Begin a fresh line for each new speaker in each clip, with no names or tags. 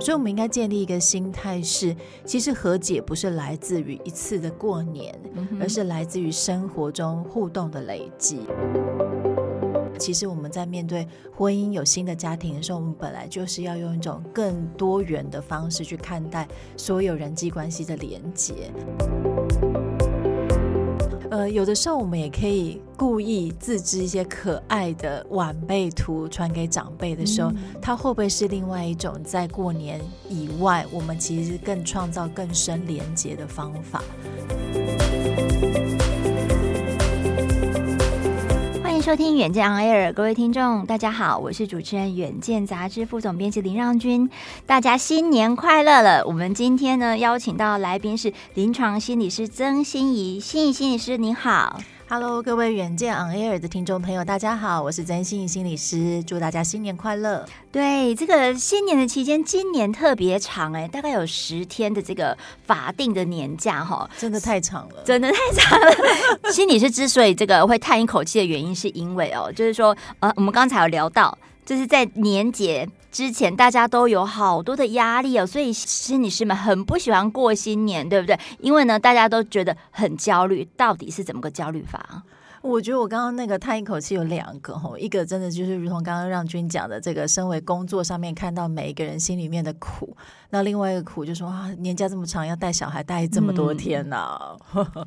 所以，我們應該建立一個心態，是其實和解不是來自於一次的過年，而是來自於生活中互動的累積。其實，我們在面對婚姻、有新的家庭的時候，我們本來就是要用一種更多元的方式去看待所有人際關係的連結。呃，有的時候我們也可以故意自制一些可愛的晚輩圖傳給長輩的時候，嗯，它會不會是另外一種在過年以外，我們其實更創造更深連接的方法？
收聽《遠見 on air》，各位聽眾，大家好，我是主持人《遠見》雜誌副總編輯林讓均，大家新年快樂了。我們今天呢，邀請到來賓是臨床心理師曾心怡，心怡心理師您好。Hello，各位遠見 On Air 的聽眾朋友，大家好，我是曾心怡心理師，祝大家新年快樂。對，這個新年的期間，今年特別長，欸、大概有十天的這個法定的年假哈，真的太長了，真的太長了。 心理師之所以這個會嘆一口氣的原因，是因為哦，就是說呃，我們剛才有聊到。就是在年節之前，大家都有好多的壓力哦，所以心理師們很不喜歡過新年，對不對？因為呢，大家都覺得很焦慮，到底是怎麼個焦慮法？
我覺得我剛剛那個嘆一口氣有兩個，一個真的就是如同剛剛讓均講的，這個身為工作上面看到每一個人心裡面的苦，那另外一個苦就是說
啊，年假這麼長要帶小孩帶這麼多天吶，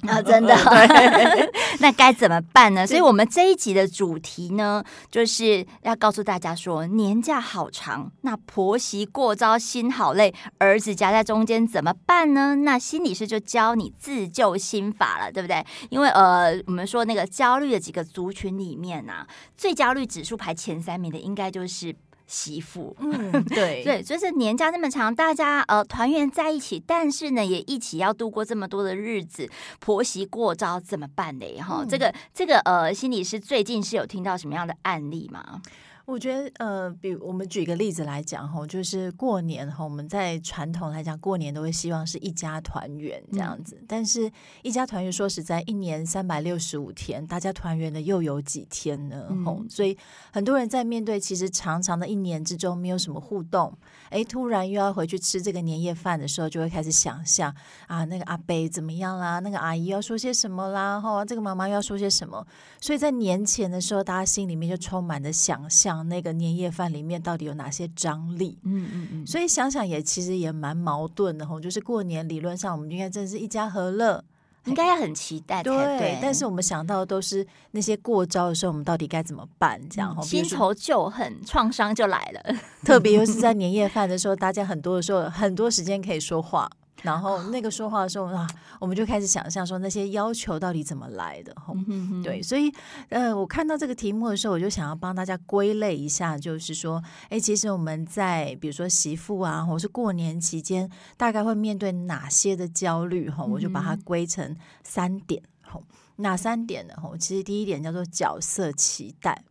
那真的，對 那該怎麼辦呢？所以，我們這一集的主題呢，對就是要告訴大家說，年假好長，那婆媳過招心好累，兒子夾在中間怎麼辦呢？那心理師就教你自救心法了，對不對？因為呃，我們說那個。焦慮的幾個族群裡面啊，最焦慮指數排前三名的，應該就是媳婦。嗯、對 對，就是年假這麼長，大家呃團圓在一起，但是呢，也一起要度過這麼多的日子，婆媳過招怎麼辦呢？嗯、這個這個、呃、心理師最近是有聽到什麼樣的案例嗎？
我覺得，呃，比我們舉個例子來講哈，就是過年哈，我們在傳統來講，過年都會希望是一家團圓這樣子。嗯、但是，一家團圓說實在，一年三百六十五天，大家團圓的又有幾天呢？吼、嗯，所以很多人在面對其實長長的一年之中沒有什麼互動，哎，突然又要回去吃這個年夜飯的時候，就會開始想象啊，那個阿伯怎麼樣啦？那個阿姨要說些什麼啦？哈，這個媽媽要說些什麼？所以在年前的時候，大家心裡面就充滿了想象。那個年夜飯裡面到底有哪些張力？嗯嗯嗯，嗯嗯，所以想想也其實也蠻矛盾的吼，就是過年理論上我們應該真是一家和樂，應該要很期待對，對。但是我們想到的都是那些過招的時候，我們到底該怎麼辦？這樣，新仇
舊恨創傷就來了。特別又是在
年夜飯的時候， 大家很多的時候很多時間可以說話。然後那個說話的時候啊，啊，我們就開始想象說那些要求到底怎麼來的哈。嗯、哼對，所以呃，我看到這個題目的時候，我就想要幫大家歸類一下，就是說，哎，其實我們在比如說媳婦啊，或是過年期間，大概會面對哪些的焦慮哈，我就把它歸成三點哈、嗯、哼哪三點呢？其實第一點叫做角色期待，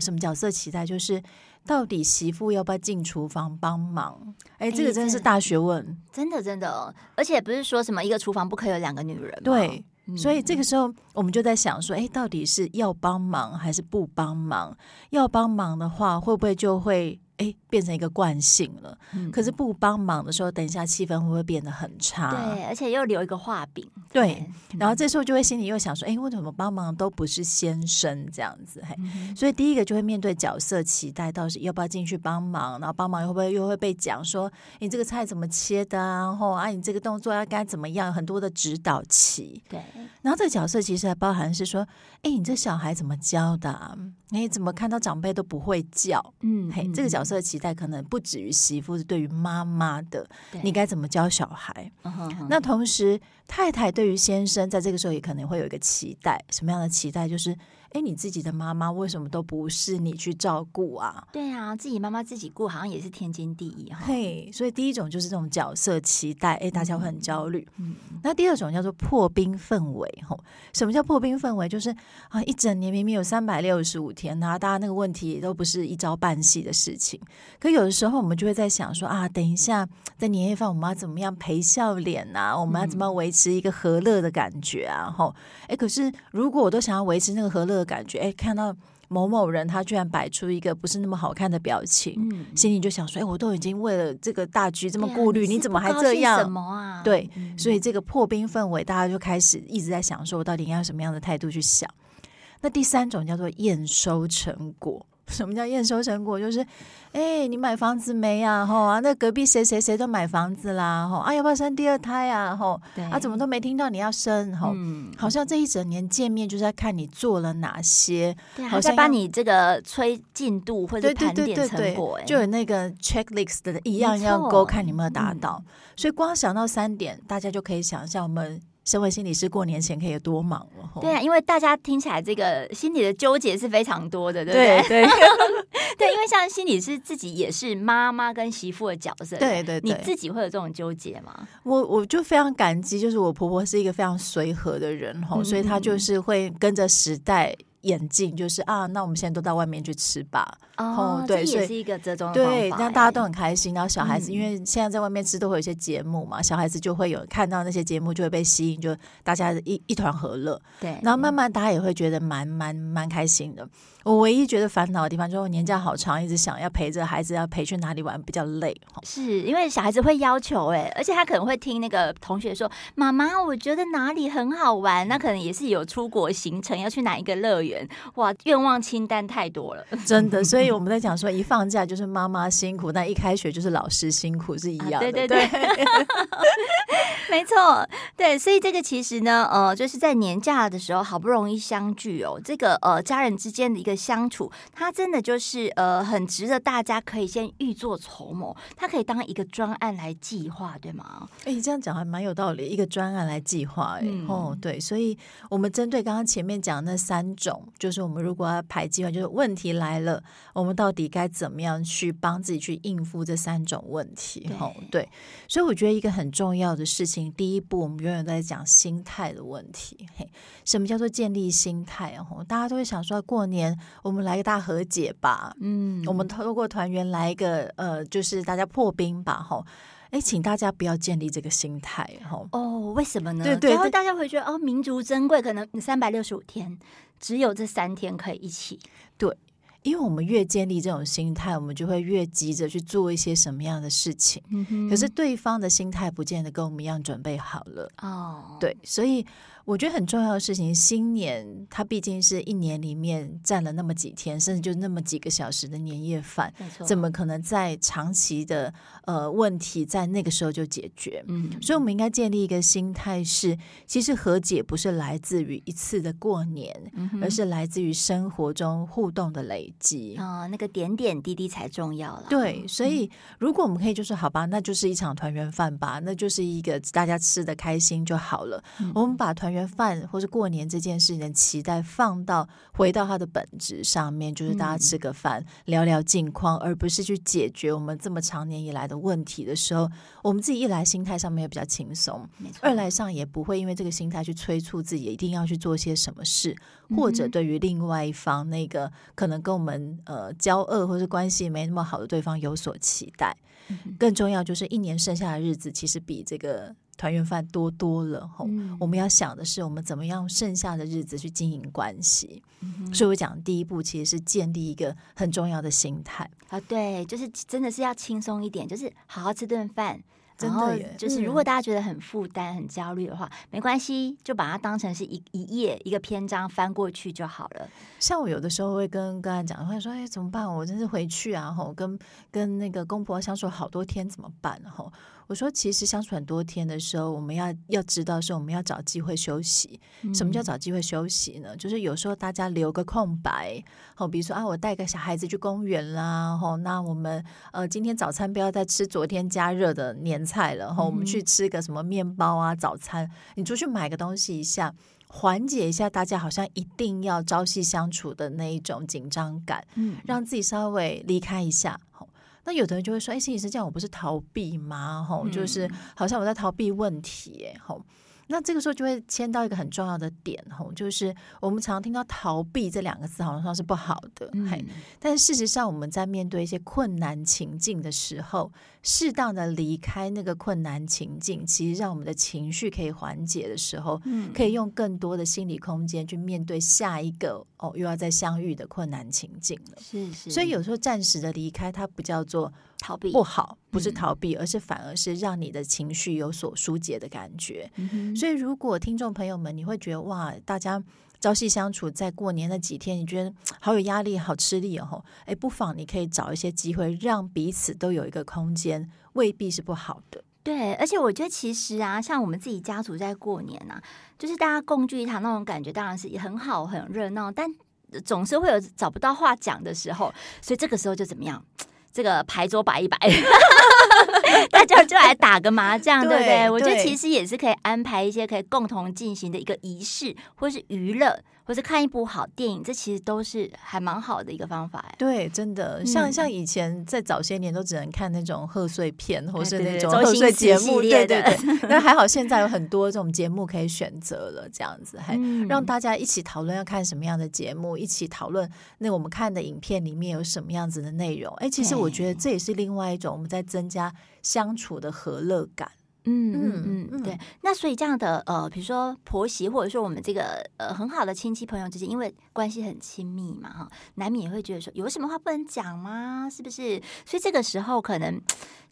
什麼角色期待就是。到底媳婦要不要進廚房幫忙？哎、欸，這個真的是大學問，
欸，真的真的，哦。而且不是說什麼一個廚房不可以有兩個女人嗎？
對，所以這個時候我們就在想說，哎、欸，到底是要幫忙還是不幫忙？要幫忙的話，會不會就會？哎、欸，變成一個慣性了。嗯、可是不幫忙的時候，等一下氣氛會不會變得很差？對，而
且又留一個話柄。
對，對。然後這時候就會心裡又想說，哎、欸，為什麼幫忙都不是先生這樣子？嘿，嗯、哼所以第一個就會面對角色期待，到底要不要進去幫忙？然後幫忙又不會又會被講說，你這個菜怎麼切的啊？然後啊，你這個動作要該怎麼樣？很多的指導期。對。然後這個角色其實還包含是說，哎、欸，你這小孩怎麼教的啊？你怎麼看到長輩都不會叫？嗯，嗯，嘿，這個角。這期待可能不止於媳婦，是對於媽媽的。對你該怎麼教小孩？哦、呵呵那同時，太太對於先生，在這個時候也可能會有一個期待，什麼樣的期待？就是。哎，你自己的媽媽為什麼都不是你去照顧啊？對啊，自己媽媽自己顧，好像也是天經地義哈。嘿，所以第一種就是這種角色期待，哎，大家會很焦慮。嗯，那第二種叫做破冰氛圍。吼，什麼叫破冰氛圍？就是啊，一整年明明有三百六十五天，然後大家那個問題也都不是一朝半夕的事情。可有的時候我們就會在想說啊，等一下在年夜飯，我們要怎麼樣陪笑臉吶、啊？嗯、我們要怎麼維持一個和樂的感覺啊？吼，哎，可是如果我都想要維持那個和樂的感覺，感覺誒，看到某某人，他居然擺出一個不是那麼好看的表情，嗯、心裡就想說，誒，我都已經為了這個大局這麼顧慮，啊、你怎麼還這樣？啊、對，嗯、所以這個破冰氛圍，大家就開始一直在想說，說我到底應該用什麼樣的態度去想？那第三種叫做驗收成果。什麼叫驗收成果？就是，哎、欸，你買房子沒啊？啊那隔壁誰誰誰都買房子啦，吼，啊，要不要生第二胎啊？吼，對啊，怎麼都沒聽到你要生，吼、嗯，好像這一整年見面就是在看你做了哪些，對啊、好像幫你這個催進度或者盤點成果對對對對對，就有那個 checklist 的一樣一樣勾錯看你有沒有達到，嗯、所以光想到三點，大家就可以想像我們。身為心理師，過年前可以有多忙了、啊？對啊，
因為大家聽起來這個心理的糾結是非常多的，對不對？對，對， 對 因為像心理師自己也是媽媽跟媳婦的角色，對，對對，你自己會有這種糾結嗎？
我我就非常感激，就是我婆婆是一個非常隨和的人齁，嗯、所以她就是會跟着時代。眼鏡就是啊，那我們現在都到外面去吃吧。哦，對、嗯，也是一個
折中。對，那大
家都很開心。嗯、然後小孩子，因為現在在外面吃都會有一些節目嘛，小孩子就會有看到那些節目，就會被吸引，就大家一一團和樂。對，然後慢慢大家也會覺得蠻、嗯、蠻蠻、蠻開心的。我唯一覺得煩惱的地方就是我年假好長，一
直想要陪着孩子，要陪去哪裡玩比較累，哦。是因為小孩子會要求哎，而且他可能會聽那個同學說：“媽媽，我覺得哪裡很好玩。”那可能也是有出國行程要去哪一個樂園哇，願望清單太多了。 真的，
所以我們在講說，一放假就是媽媽辛苦，那一開學就是老師辛苦是一樣，啊。對對對，
對 沒錯，對，所以這個其實呢，呃，就是在年假的時候好不容易相聚哦，這個呃家人之間的一個。相處，它真的就是呃，很值得大家可以先預作籌謀，它可以當一個專案來計劃，對嗎？哎、
欸，這樣講還蠻有道理，一個專案來計劃，欸、誒、嗯，哦，對，所以我們針對剛剛前面講的那三種，就是我們如果要排計劃，就是問題來了，我們到底該怎麼樣去幫自己去應付這三種問題？哦對，對，所以我覺得一個很重要的事情，第一步我們永遠在講心態的問題。嘿，什麼叫做建立心態？哦，大家都會想說過年。我們來個大和解吧，嗯，我們透過團圓來一個，呃，就是大家破冰吧，吼，哎，請大家不要建立這個心態，吼，哦，為什麼呢？對，對對，然後
大家會覺得哦，彌足珍貴，可能三百六十五天只有這三天可以一起，
對，因為我們越建立這種心態，我們就會越急着去做一些什麼樣的事情，嗯哼，可是對方的心態不見得跟我們一樣準備好了，哦，對，所以。我覺得很重要的事情，新年它畢竟是一年裡面佔了那麼幾天，甚至就那麼幾個小時的年夜飯，沒錯。怎麼可能在長期的呃問題在那個時候就解決？嗯，所以我們應該建立一個心態是，是其實和解不是來自於一次的過年，嗯哼，而是來自於生活中互動的累積。哦，那個點點滴滴才重要了。對，所以如果我們可以就說好吧，那就是一場團圓飯吧，那就是一個大家吃得開心就好了，嗯、我們把團圓。飯或是過年這件事情期待放到回到它的本質上面，就是大家吃個飯、嗯、聊聊近況，而不是去解決我們這麼長年以來的問題的時候，我們自己一來心態上面也比較輕鬆，錯二來上也不會因為這個心態去催促自己一定要去做些什麼事，嗯、哼或者對於另外一方那個可能跟我們呃交惡或者關係沒那麼好的對方有所期待。嗯、哼更重要就是一年剩下的日子，其實比這個。團圓飯多多了吼，嗯、我們要想的是，我們怎麼樣剩下的日子去經營關係。
嗯、哼所以，我講
第一步其實是建立一個很重要的心態
啊，對，就是真的是要輕鬆一點，就是好好吃頓飯。真的，就是，如果大家覺得很負擔、嗯、很焦慮的話，沒關係，就把它當成是一一頁、一個篇章翻過去就好了。
像我有的時候會跟跟個案講，會說：“哎、欸，怎麼辦？我真是回去啊！我跟跟那個公婆相處好多天，怎麼辦？”吼我說：“其實相處很多天的時候，我們要要知道說，我們要找機會休息。嗯、什麼叫找機會休息呢？就是有時候大家留個空白，吼，比如說啊，我帶個小孩子去公園啦吼，那我們呃，今天早餐不要再吃昨天加熱的年。”菜了哈，嗯、我們去吃個什麼麵包啊？早餐，你出去買個東西一下，緩解一下大家好像一定要朝夕相處的那一種緊張感，嗯、讓自己稍微離開一下。那有的人就會說：“哎、欸，心理師，這樣我不是逃避嗎？吼、嗯，就是好像我在逃避問題、欸，吼。”那這個時候就會牽到一個很重要的點吼，就是我們常聽到逃避這兩個字，好像說是不好的，嗯，但是事實上我們在面對一些困難情境的時候，適當的離開那個困難情境，其實讓我們的情緒可以緩解的時候，嗯，可以用更多的心理空間去面對下一個。又要再相遇的困難情境了，
是是，所以有
時候暫時的離開，它不叫做逃避，不好，不是逃避，嗯、而是反而是讓你的情緒有所疏解的感覺。嗯、哼所以，如果聽眾朋友們，你會覺得哇，大家朝夕相處，在過年那幾天，你覺得好有壓力，好吃力哦，哎、欸，不妨你可以找一些機會，讓彼此都有一個空間，未必是不好的。
對，而且我覺得其實啊，像我們自己家族在過年啊，就是大家共聚一堂那種感覺，當然是很好、很熱鬧，但總是會有找不到話講的時候，所以這個時候就怎麼樣？這個牌桌擺一擺， 大家就來打個麻將，對，對不對？我覺得其實也是可以安排一些可以共同進行的一個儀式，或是娛樂。或者看一部好電影，這其實都是還蠻好的一個方法哎。對，真的，像、嗯、像
以前在早些年都只能看那種賀歲片，或是那種賀歲節目，對，對對對。那還好，現在有很多這種節目可以選擇了，這樣子還、嗯、讓大家一起討論要看什麼樣的節目，一起討論那我們看的影片裡面有什麼樣子的內
容。哎，其實我覺得這也是另外一種我們在增加相處的和樂感。嗯嗯嗯，對，那所以這樣的呃，比如說婆媳，或者說我們這個呃很好的親戚朋友之間，因為關係很親密嘛，哈，難免也會覺得說有什麼話不能講嗎？是不是？所以這個時候可能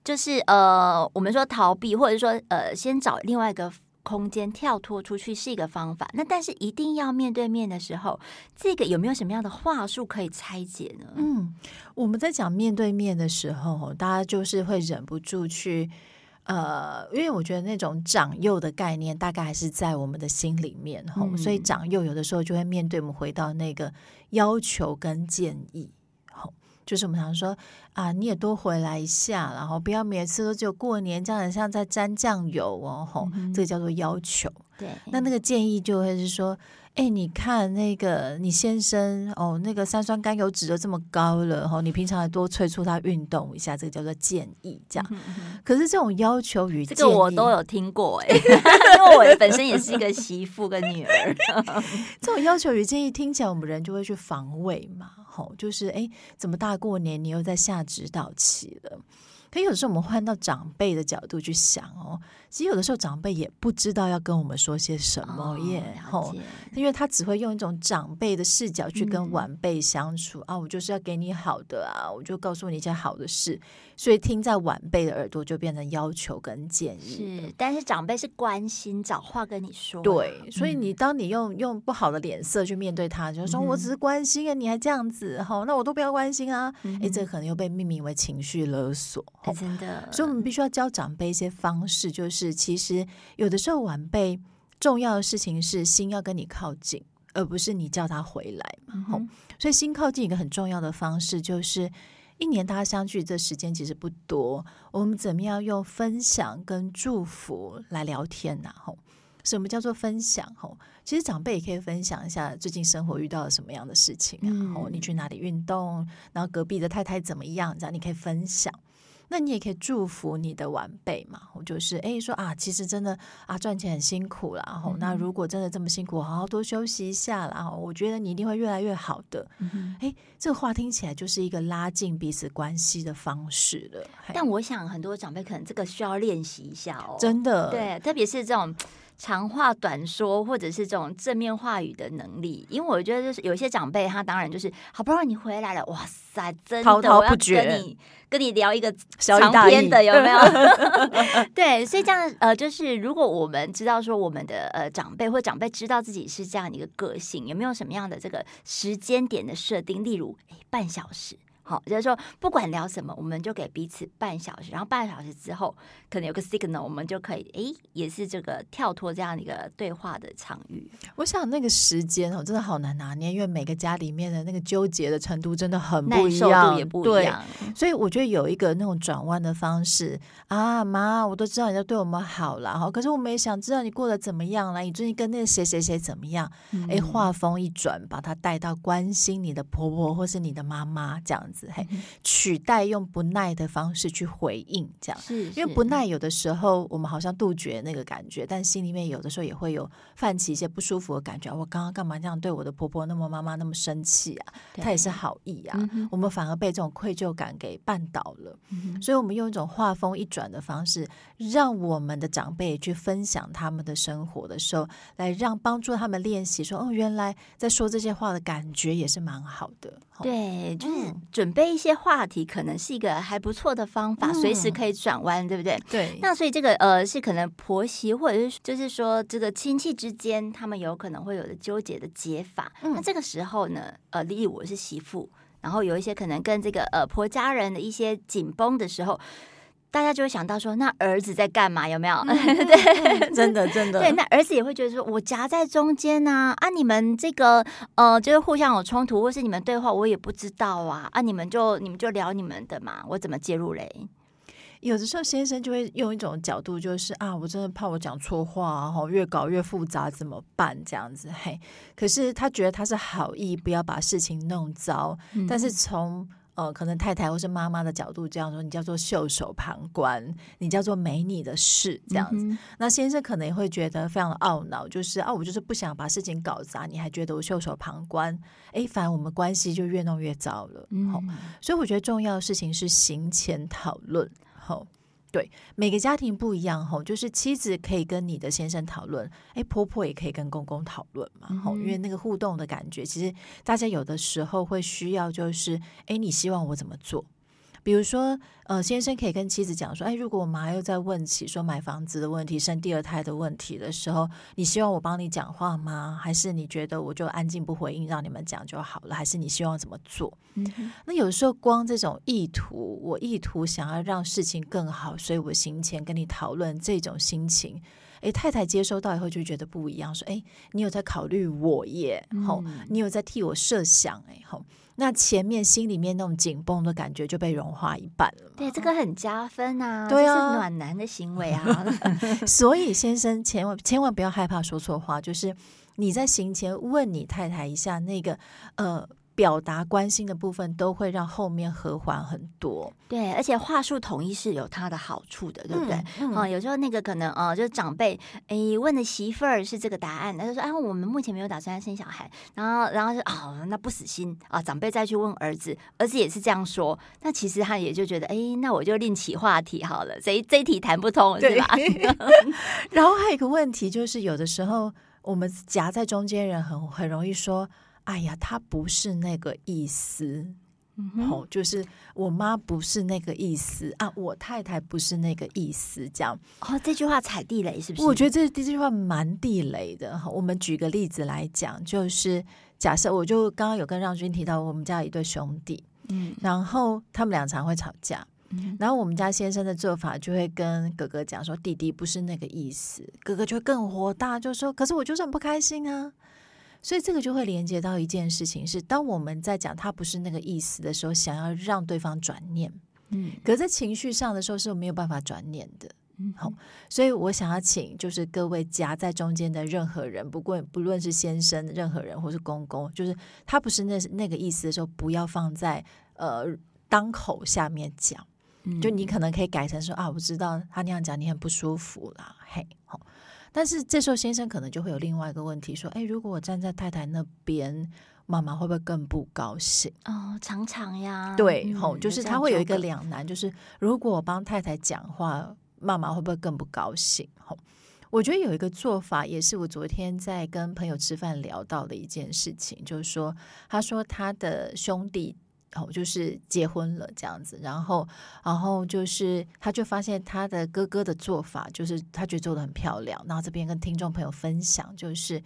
就是呃，我們說逃避，或者說呃，先找另外一個空間跳脫出去是一個方法。那但是一定要面對面的時候，這個有沒有什麼樣的話術可以拆解呢？嗯，我們在講
面對面的時候，大家就是會忍不住去。呃，因為我覺得那種長幼的概念大概還是在我們的心裡面吼，嗯、所以長幼有的時候就會面對我們回到那個要求跟建議吼，就是我們常常說啊，你也多回來一下，然後不要每次都只有過年這樣，像在沾醬油哦吼，嗯、這個叫做要求。對，那那個建議就會是說。哎、欸，你看那個你先生哦，那個三酸甘油酯都這麼高了吼、哦，你平常還多催促他運動一下，這個叫做建議這樣、嗯嗯、可是這種要求與建議這個我都有
聽過哎、欸， 因為我本身也是一個媳婦跟女兒， 嗯、這種
要求與建議聽起來我們人就會去防衛嘛，吼、哦，就是哎、欸，怎麼大過年你又在下指導棋了？所以有時候我們換到長輩的角度去想哦，其實有的時候長輩也不知道要跟我們說些什麼耶，然後、哦、因為他只會用一種長輩的視角去跟晚輩相處、嗯、啊，我就是要給你好的啊，我就告訴你一些好的事，所以聽在晚輩的耳朵就變成要求跟建議。是，
但是長輩是關心找話跟你說、啊，對，所以你
當你用用不好的臉色去面對他，就說、嗯、我只是關心啊，你還這樣子、哦、那我都不要關心啊，嗯、誒這個、可能又被命名為情緒勒索。真的、哦，所以我們必須要教長輩一些方式，就是其實有的時候晚輩重要的事情是心要跟你靠近，而不是你叫他回來嘛。哦、所以心靠近一個很重要的方式就是一年大家相聚這時間其實不多，我們怎麼樣用分享跟祝福來聊天呢、啊？吼、哦，什麼叫做分享？吼、哦，其實長輩也可以分享一下最近生活遇到了什麼樣的事情啊、然後、嗯哦、你去哪裡運動，然後隔壁的太太怎麼樣？這樣你可以分享。那你也可以祝福你的晚輩嘛，我就是哎說啊，其實真的啊賺錢很辛苦啦。然後、嗯、哼那如果真的這麼辛苦，好好多休息一下啦，我覺得你一定會越來越好的。哎、嗯哼，這個話聽起來就是一個拉近彼此
關係的方式了。但我想很多長輩可能這個需要練習一下哦，真的，對，特別是這種長話短說或者是這種正面話語的能力，因為我覺得就是有一些長輩他當然就是好不容易你回來了，哇塞，真的滔滔不絕。我跟你聊一個長篇的小有沒有？ 對，所以這樣呃，就是如果我們知道說我們的呃長輩或長輩知道自己是這樣的一個個性，有沒有什麼樣的這個時間點的設定？例如，半小時。好，就是說不管聊什麼，我們就給彼此半小時，然後半個小時之後可能有個 signal，我們就可以，哎，也是這個跳脫這樣一個對話的場域。
我想那個時間哦，真的好難拿捏，因為每個家裡面的那個糾結的程度真的很不一樣，耐受度也不一樣。對嗯、所以我覺得有一個那種轉彎的方式啊，媽，我都知道你都對我們好了哈、哦，可是我們也想知道你過得怎麼樣了，你最近跟那個誰誰誰誰怎麼樣？哎、嗯，話鋒一轉，把它帶到關心你的婆婆或是你的媽媽這樣。嘿，取代用不耐的方式去回應，這樣，是是因為不耐有的時候我們好像杜絕那個感覺，但心裡面有的時候也會有泛起一些不舒服的感覺。我剛剛幹嘛這樣對我的婆婆、那麼媽媽那麼生氣啊？對她也是好意啊，嗯、哼我們反而被這種愧疚感給絆倒了。嗯、哼所以，我們用一種畫風一轉的方式，讓我們的長輩去分享他們的生活的時候，來讓幫助他們練習說：“哦，原來在說這
些話的感覺也
是蠻好的。”
對，嗯、就是。準備一些話題，可能是一個還不錯的方法，嗯、隨時可以轉彎，對不對？對。那所以這個呃，是可能婆媳或者是就是說這個親戚之間，他們有可能會有的糾結的解法。嗯、那這個時候呢，呃，例如我是媳婦，然後有一些可能跟這個呃婆家人的一些緊繃的時候。大家就會想到說，那兒子在幹嘛？有沒有？ 對 真的，真的。對，那兒子也會覺得說，我夾在中間呢、啊。啊，你們這個呃，就是互相有衝突，或是你們對話，我也不知道啊。啊，你們就你們就聊你們的嘛，我怎麼介入嘞？有的時候先生就會用一種角度，就是
啊，我真的怕我講錯話、啊，然後，越搞越複雜，怎麼辦？這樣子，嘿。可是他覺得他是好意，不要把事情弄糟。嗯、但是從呃，可能太太或是媽媽的角度這樣說，你叫做袖手旁觀，你叫做沒你的事這樣子。嗯、哼那先生可能也會覺得非常的懊惱，就是啊，我就是不想把事情搞砸，你還覺得我袖手旁觀，哎，反而我們關係就越弄越糟了。嗯哼、哦，所以我覺得重要的事情是行前討論，好、哦。對，每個家庭不一樣齁，就是妻子可以跟你的先生討論，哎，婆婆也可以跟公公討論嘛，齁，因為那個互動的感覺，其實大家有的時候會需要，就是哎，你希望我怎麼做？比如說，呃，先生可以跟妻子講說：“哎，如果我媽又在問起說買房子的問題、生第二胎的問題的時候，你希望我幫你講話嗎？還是你覺得我就安靜不回應，讓你們講就好了？還是你希望怎麼做？”嗯、哼那有時候光這種意圖，我意圖想要讓事情更好，所以我行前跟你討論這種心情。哎，太太接收到以後就覺得不一樣，說：“哎，你有在考慮我耶，吼、嗯、你有在替我設想。”哎，好。那前面心裡面那種緊繃的感覺就被融化一半了。
對，這個很加分啊，對啊，這是暖男的行為啊。
所以先生，千萬千萬不要害怕說錯話，就是你在行前問你太太一下那個呃。表達關心的部分都會讓後面和緩很多，
對，而且話術統一是有它的好處的，對不對？啊、嗯嗯哦，有時候那個可能啊、哦，就是長輩哎、欸、問的媳婦兒是這個答案，他就說啊，我們目前沒有打算要生小孩，然後，然後就哦，那不死心啊、哦，長輩再去問兒子，兒子也是這樣說，那其實他也就覺得哎、欸，那我就另起話題好了，所以這一題談不通，對吧？
然後還有一個問題就是，有的時候我們夾在中間人很很容易說。哎呀，她不是那個意思，好、嗯哼哦，就是我媽不是那個意思啊，我太太不是那個意思，這樣哦，這句話踩地雷是不是？我覺得這這句話蠻地雷的、哦、我們舉個例子來講，就是假設我就剛剛有跟讓均提到我們家有一對兄弟，嗯，然後他們倆常會吵架，嗯，然後我們家先生的做法就會跟哥哥講說弟弟不是那個意思，哥哥就會更火大，就說可是我就是很不開心啊。所以這個就會連接到一件事情是，是當我們在講他不是那個意思的時候，想要讓對方轉念，嗯，可是在情緒上的時候是沒有辦法轉念的，嗯，好、哦，所以我想要請就是各位夾在中間的任何人，不過不論是先生、任何人或是公公，就是他不是那那個意思的時候，不要放在呃當口下面講，
嗯、就你可
能可以改成說啊，我知道他那樣講你很不舒服啦，嘿，好、哦。但是這時候，先生可能就會有另外一個問題，說：“誒，如果我站在太太那邊，媽媽會不會更不高興？”
哦，常常呀，對，吼、嗯，就是他會有一個兩
難，嗯、就，就是如果我幫太太講話，媽媽會不會更不高興？吼、嗯，我覺得有一個做法，也是我昨天在跟朋友吃飯聊到的一件事情，就是說，他說他的兄弟。哦，就是結婚了這樣子，然後，然後就是，他就發現他的哥哥的做法，就是他覺得做得很漂亮。然後這邊跟聽眾朋友分享，就是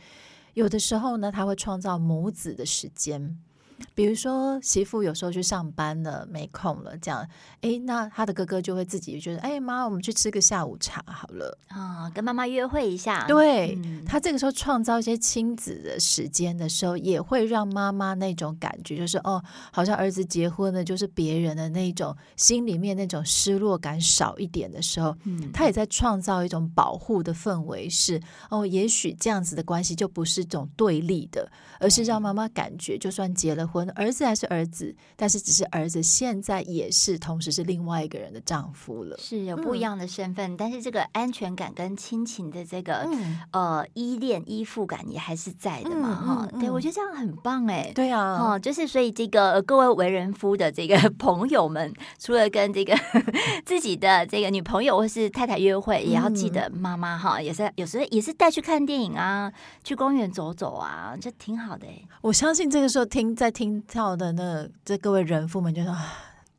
有的時候呢，他會創造母子的時間。比如說媳婦有時候去上班了沒空了，這樣，誒，那他的哥哥就會自己覺得，哎，媽，我們去吃個下午茶好了，
啊，哦，跟媽媽約會一下。對，嗯，
他這個時候創造一些親子的時間的時候，也會讓媽媽那種感覺就是，哦，好像兒子結婚了，就是別人的那一種心裡面那種失落感少一點的時候，嗯，他也在創造一種保護的氛圍是，是哦，也許這樣子的關係就不是一種對立的，而是讓媽媽感覺就算結了。婚兒子還是兒子，但是只是兒子，現在也是同時是
另外一個人的丈夫了，是有不一樣的身份，嗯、但是這個安全感跟親情的這個、嗯、呃依戀依附感也還是在的嘛哈、嗯，對我覺得這樣很棒哎，對啊，哈，就是所以這個各位為人夫的這個朋友們，除了跟這個自己的這個女朋友或是太太約會，也要記得媽媽哈，也是、嗯、有時候也是帶去看電影啊，去公園走走啊，就挺好的。
我相信這個時候聽在。聽到的，那這各位人夫們就說，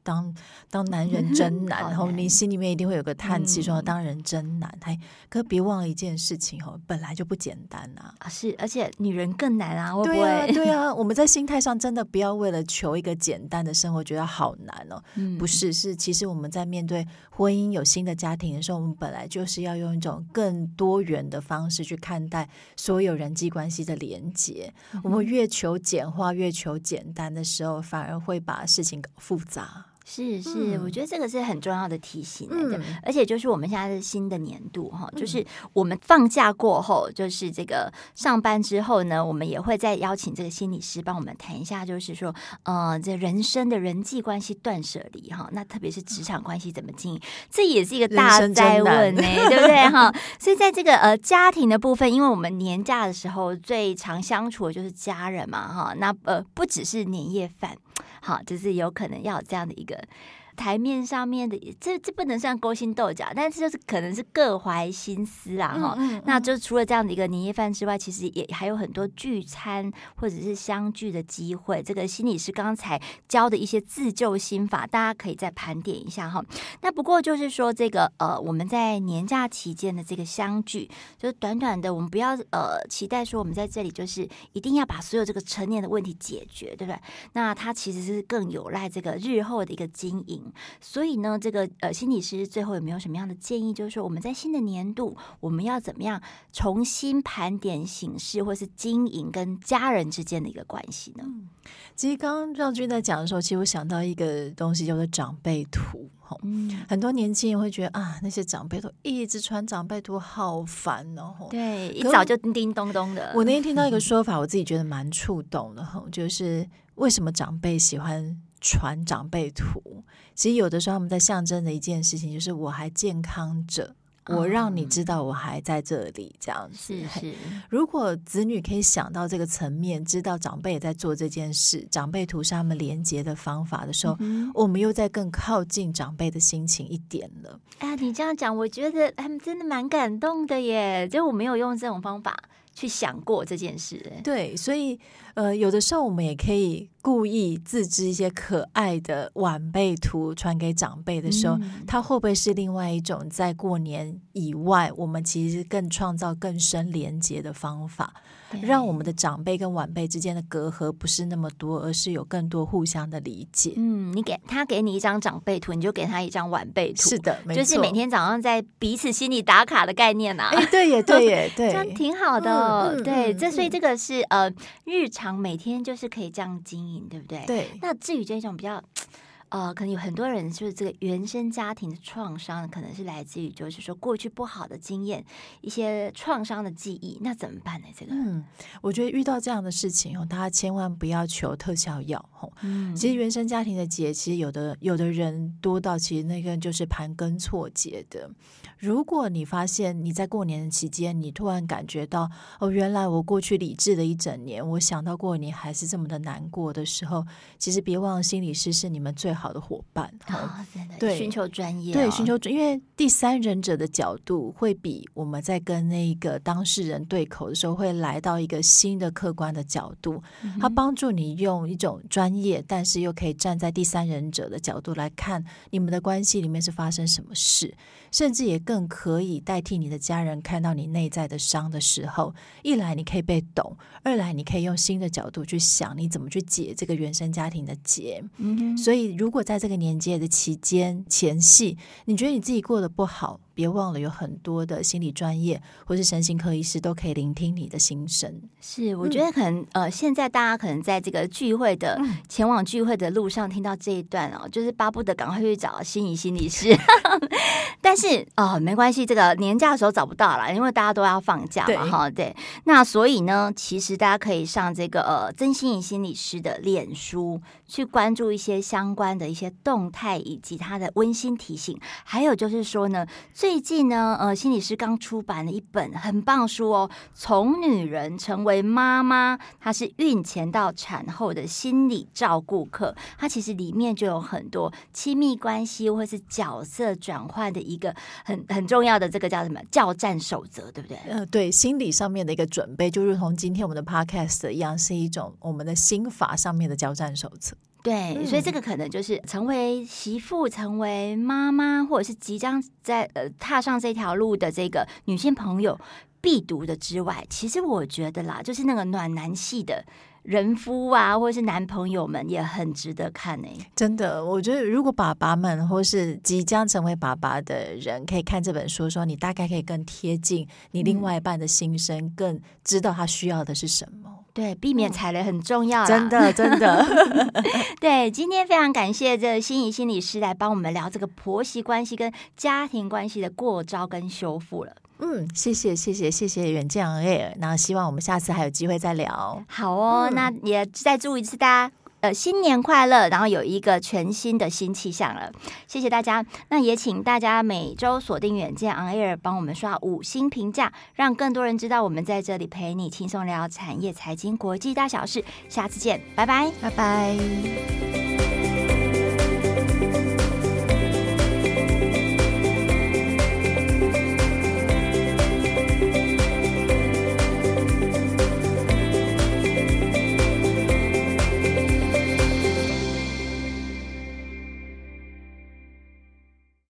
當當男人真難， 難，然後你心裡面一定會有個嘆氣說，說、嗯、當人真難、哎。可別忘了一件事情、哦、本來就不簡單吶
啊，啊！是，而且女人更難啊！
對啊，對啊， 我們在心態上真的不要為了求一個簡單的生活，覺得好難哦。嗯、不是，是其實我們在面對婚姻，有新的家庭的時候，我們本來就是要用一種更多元的方式去看待所有人際關係的連結，嗯、我們越
求簡化、越求簡單的時候，反而會把事情搞複雜。是是，嗯、我覺得這個是很重要的提醒，對。嗯、而且就是我們現在是新的年度哈，嗯、就是我們放假過後，就是這個上班之後呢，我們也會再邀請這個心理師幫我們談一下，就是說，嗯、呃、這人生的人際關係斷捨離哈、哦，那特別是職場關係怎麼經營，嗯、這也是一個大哉問呢，難 對不對哈、哦？所以在這個呃家庭的部分，因為我們年假的時候最常相處的就是家人嘛哈、哦，那呃不只是年夜飯。好，就是有可能要這樣的一個。台面上面的，這這不能算勾心鬥角，但是就是可能是各懷心思啊。哈、嗯嗯嗯。那就除了這樣的一個年夜飯之外，其實也還有很多聚餐或者是相聚的機會。這個心理師剛才教的一些自救心法，大家可以再盤點一下哈。那不過就是說，這個呃，我們在年假期間的這個相聚，就是短短的，我們不要呃期待說我們在這裡就是一定要把所有這個成年的問題解決，對不對？那它其實是更有賴這個日後的一個經營。所以呢，這個呃，心理師最後有沒有什麼樣的建議？就是說，我們在新的年度，我們要怎麼樣重新盤點形式或是經營跟家人之間的一個關係呢？嗯、其實剛剛讓均在講的時候，其實我想到一個東西，叫做
長輩圖。嗯、很多年輕人會覺得啊，那些長輩都一直傳長輩圖，好
煩哦。對，可 一早就叮叮咚，咚咚的我。我那天聽到一個
說法，呵呵，我自己覺得蠻觸動的。就是為什麼長輩喜歡？傳長輩圖，其實有的時候他們在象徵着一件事情，就是我還健康着，嗯、我讓你知道我還在這裡這樣子。是是。如果子女可以想到這個層面，知道長輩也在做這件事，長輩圖是他們連接的方法的時候，嗯、哼，我們又在更靠近長輩的心情一點了。
哎呀、啊，你這樣講，我覺得他們、嗯、真的蠻感動的耶。就我沒有用這種方法去想過這件事。對，所以。呃，
有的時候我們也可以故意自制一些可愛的晚輩圖傳給長輩的時候，他會不會是另外一種在過年以外，我們其實更創造更深連接的方法，對讓我們的長輩跟晚輩之間的隔閡不是那麼多，而是有更多互相的理解。嗯，你給
他給你一張長輩圖，你就給他一張晚輩圖，是的，沒錯，就是每天早上在彼此心裡打卡的概念啊。誒，對耶，對耶，對， 這樣挺好的。嗯嗯、對，嗯、這所以這個是呃日常。每天就是可以這樣經營，對不對？對。那至於這種比較。呃，可能有很多人就是這個原生家庭的創傷，可能是來自於就是說過去不好的經驗、一些創傷的記憶，那怎麼辦呢？這個，嗯，
我覺得遇到這樣的事情哦，大家千萬不要求特效藥哦。嗯，其實原生家庭的結，其實有的有的人多到其實那個就是盤根錯節的。如果你發現你在過年的期間，你突然感覺到哦，原來我過去理智的一整年，我想到過年還是這麼的難過的時候，其實別忘了，心理師是你們最好好的夥伴，
對，尋求專業，對，尋求
專業，因為第三人者的角度會比我們在跟那個當事人對口的時候，會來到一個新的客觀的角度，嗯、哼他幫助你用一種專業，但是又可以站在第三人者的角度來看你們的關係裡面是發生什麼事，甚至也更可以代替你的家人看到你內在的傷的時候，一來你可以被懂，二來你可以用新的角度去想你怎麼去解這個原生家庭的結。嗯哼，所以如果如果在這個年紀的期間前夕，你覺得你自己過得不好，別忘了，有很多的心理專業或是神經科醫師都可以聆聽你的心聲。
是，我覺得可能呃，現在大家可能在這個聚會的前往聚會的路上聽到這一段哦，就是巴不得趕快去找心怡心理師。 但是啊、呃，沒關係，這個年假的時候找不到了，因為大家都要放假嘛，哈對。對，那所以呢，其實大家可以上這個呃曾心怡心理師的臉書去關注一些相關的一些動態，以及他的溫馨提醒。還有就是說呢，最最近呢，呃，心理師剛出版了一本很棒的書哦，《從女人成為媽媽》，她是孕前到產後的心理照顧課。它其實裡面就有很多親密關係或是角色轉換的一個很很重要的這個叫什麼？交戰守則，對不對？嗯、呃，對，心理上面的一個準備，就如同今天我們的 podcast 一樣，是一種
我們的心法上面的交戰守則。
對，所以這個可能就是成為媳婦、成為媽媽，或者是即將在呃踏上這條路的這個女性朋友必讀的之外，其實我覺得啦，就是那個暖男系的人夫啊，或者是男朋友們也很值得看誒、欸。
真的，我覺得如果爸爸們或是即將成為爸爸的人可以看這本書說，說你大概可以更貼近你另外一半的心聲，更知道他需要的是什麼。
對，避免踩雷很重要、嗯。真的，真的。 對，今天非常感謝這個心怡心理師來幫我們聊這個婆媳關係跟家庭關係的過招跟修復了。嗯，
謝謝，謝謝，謝謝遠見 on air 那希望我們下次還有機會再聊。
好哦，嗯、那也再祝一次大家、啊。呃，新年快樂！然後有一個全新的新氣象了，謝謝大家。那也請大家每周鎖定遠見 on air，幫我們刷五星評價，讓更多人知道我們在這裡陪你輕鬆聊產業、財經、國際大小事。下次見，拜拜，拜拜。